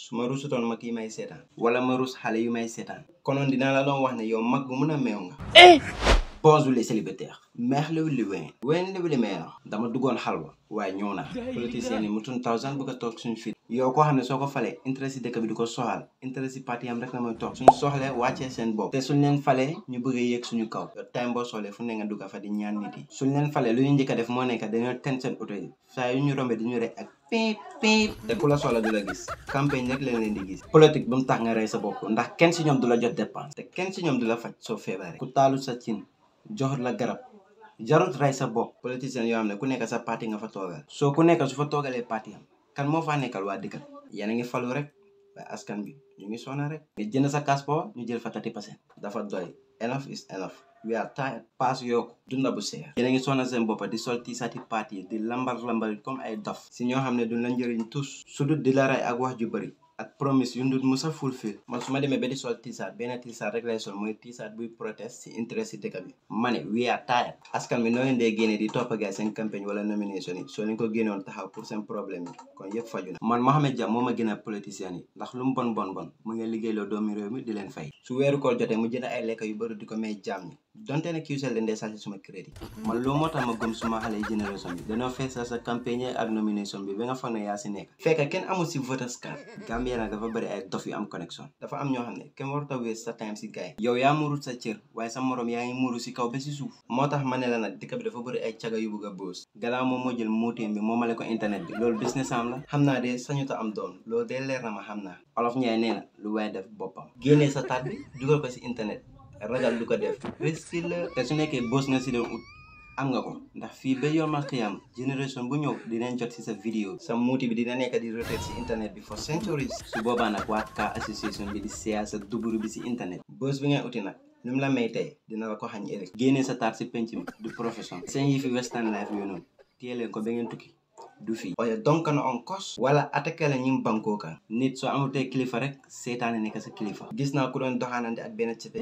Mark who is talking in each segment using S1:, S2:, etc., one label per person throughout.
S1: su ma rusutoon mag yi may seetaan wala ma rus xale yu may seetaan konoon dinaa la loon wax ne yow mag bu mun a meew nga eh! bonjour les célibataires meex la wulli wen le la mer dama duggoon halwa way ñona politiciens ni mutun tawzan bu ko tok suñu fit yo ko xamne soko falé intérêt ci dëkk bi du soxal intérêt ci parti am rek la mooy tok suñu soxlé wàccee sen bop te suñu leen falé ñu bëgg a suñu kaw yow time boo soxlee fu ne nga dugg fa di ñaan nit yi suñu leen falé lu ñu njëkk def moo nekk dañu ten sen auto yi sa yu ñu di ñu rek ak pip pip te kula soxla du la gis campagne rek leen leen di gis politique bu mu tax nga ray sa bop ndax kenn ci ñom du la jot dépense te kenn ci ñom du la fajj so février ku talu sa cin jox la garab jarut rey sa bopp politicien yoo xam ne ku nekk sa parti nga fa toogal soo ku nekk su fa toogalee parti am kan moo faa nekkal waa dëkk yéen a ngi falu rek waaye askan bi ñu ngi sona rek nga jënd sa passeport ñu jël fa thirty percent dafa doy enough is enough we are tired paas yooku dunda bu seer yéen a ngi sona seen boppa di sol tiisaati parti di lambar lambar comme ay dof si ñoo xam ne duñ la njëriñ tous su du di la rey ak wax ju bëri ak promise yu ndut musa fulfil man su ma demee ba di sol tiisaat benn tiisaat rek lay sol mooy tiisaat buy protest si intérêt si dëkk bi ma ne we are tired askan bi noo leen dee génne di seen campagne wala nomination yi soo leen ko génnoon taxaw pour seen problème yi kon yëpp faju na man Mohamed Jam moo ma gën a politicien yi ndax lu bon bon bon mu ngi liggéeyloo doomi réew mi di leen fay su weeru jotee mu jënd ay lekk yu donte ne QCell dañ dee sàcc suma crédit man loolu moo tax ma gëm suma xale yi génération bi dañoo feesal sa campagne ak nomination bi ba nga foog ne yaa si nekk fekk kenn amul si voters card Gambia nag dafa am connexion dafa am ñoo xam a wees sa time si gaay yow yaa waaye sa morom yaa ngi muuru si kaw ba si suuf moo tax ma ne la nag dëkk bi dafa bari ay caga yu bugg a boos gannaaw moom moo jël muuteen bi moomale ko internet bi loolu business am la xam naa de sa sañuta am doom loolu de leer na ma xam naa olof ñaay nee lu waaye def boppam génnee sa taat bi dugal ko si internet ragal du ko def risque la te su nekkee bës nga si doon ut am nga ko ndax fii ba yomal xiyam génération bu ñëw dinañ jot si sa vidéo sa muuti bi dina nekk di roter si internet bi for centuries su boobaa nag waa Car association bi di a sa duguru bi si internet bës bi ngay uti nag lu la may tey dina la ko xañ ëllëg génne sa taar si penc du profession seen yi fi western life yooyu noonu téye leen ko ba ngeen tukki du fii oya na on kos wala attaqué la ñi bankoo kan nit soo amatee kilifa rek seetaane nekk sa kilifa gis naa ku doon doxaanante ak benn cepe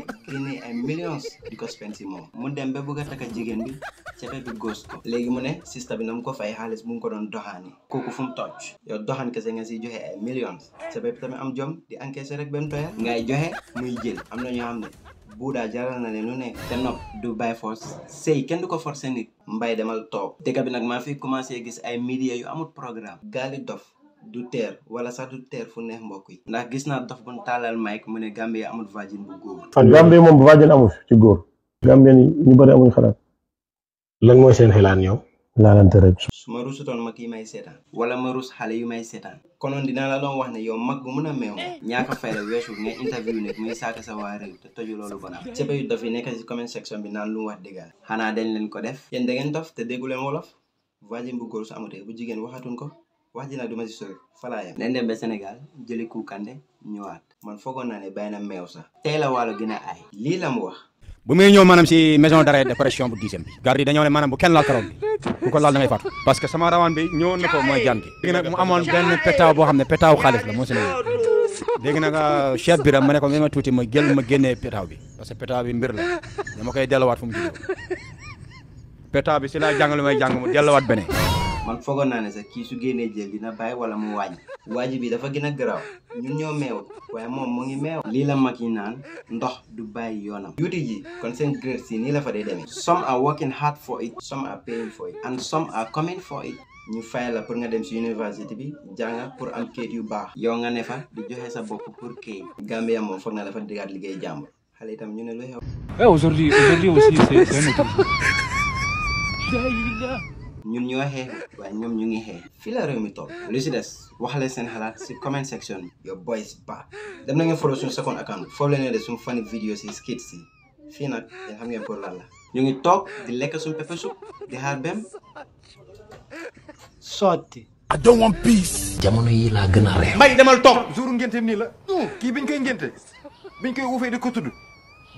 S1: ay millions di ko spend moom mu dem ba bëgg a takk jigéen bi cepe bi góos ko léegi mu ne sista bi na mu ko fay xaalis bu mu ko doon doxaani kooku fu mu tocc yow doxaan kese nga si joxe ay millions cepe bi tamit am jom di encaissé rek benn toyal ngay joxe muy jël am na ñoo xam ne buudaa jaral na leen lu nekk te nopp du by force sëy kenn du ko forcer nit mbay demal toog dëkk bi nag maa fi commencé gis ay media yu amul programme gaali dof du teer wala sax du teer fu neex mbok yi ndax gis naa dof bu nu taalal Mike mu ne Gambie amul vagin bu góor fa Gambie moom vagin amul ci góor Gambie ni ñu bëri amuñ xalaat lan mooy seen xalaat ñoom laalante ma rusutoon mag yi may seetaan. wala ma rus xale yu may seetaan. konoon dinaa la doon wax ne yow mag bu mun a meew. Eh. ñaaka fay la weesu nga interview nekk muy saaka sa waa réew te toju loolu ba naan. sëb yu dof yi nekk ci comment section bi naan lu wax dëgg xanaa dañ leen ko def. yéen da ngeen te déggu leen wolof. voisine bu góor su bu jigeen waxatuñ ko wax ji nag du ma si sori falaa yem. leen dem ba Sénégal jëli Kounkandé ñëwaat. man foogoon naa ne bàyyi na meew sax. tey la waalo gën a aay. lii la mu wax. bu muy ñëw manam si maison d'arrêt de correction bu dixième bi garde yi dañoo ne maanaam bu kenn laal karaw bi ku ko laal da ngay parce que sama rawaan bi ñëwoon na ko mu amoon benn pétaaw boo xam ne pétaaw xaalis la moo si ne léegi nag euh, chef bi ram ma ne ko ma tuuti ma jël ma génnee pétaaw bi parce que pétaaw bi mbir la dama koy delluwaat fu mu jidoo pétaaw bi si laa jàng lu may jàng mu delluwaat beneen man foogoon naa ne sax kii su génnee jël dina bàyyi wala mu wàññi. waaji bi dafa gën a garaaw ñun ñoo meewut waaye moom mu ngi meew. lii la mag yi naan ndox du bàyyi yoonam. yuuti ji kon seen grades si nii la fa dee demee. some are working hard for it. some a paying for it. and some are coming for it. ñu fay la pour nga dem si université bi jànga pour am kayit yu baax. yow nga ne fa di joxe sa bopp pour kayit. Gambia moom foog na dafa diggaat liggéey jàmbur xale itam ñu ne lu xew. Eh, aujourd'hui ñun ñoo xeex waaye ñu ngi xeex la réew mi toog lu si des wax leen seen xalaat si comment section bi your boys back dem na ngeen follow suñu second account foofu leen de suñu video si skit si fii nag yéen xam ngeen pour lan la ñu ngi toog di lekk suñu pepe soup di xaar bem sotti I don't want peace. jamono yi laa gën a reew mbay demal toog jur ngénteem nii la kii biñ koy ngénte biñ koy uufee di ko tudd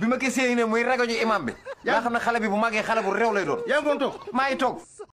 S1: bi ma ko séy ne muy ragañu imam bi yaa xam ne xale bi bu màggee xale bu rew lay doon yaa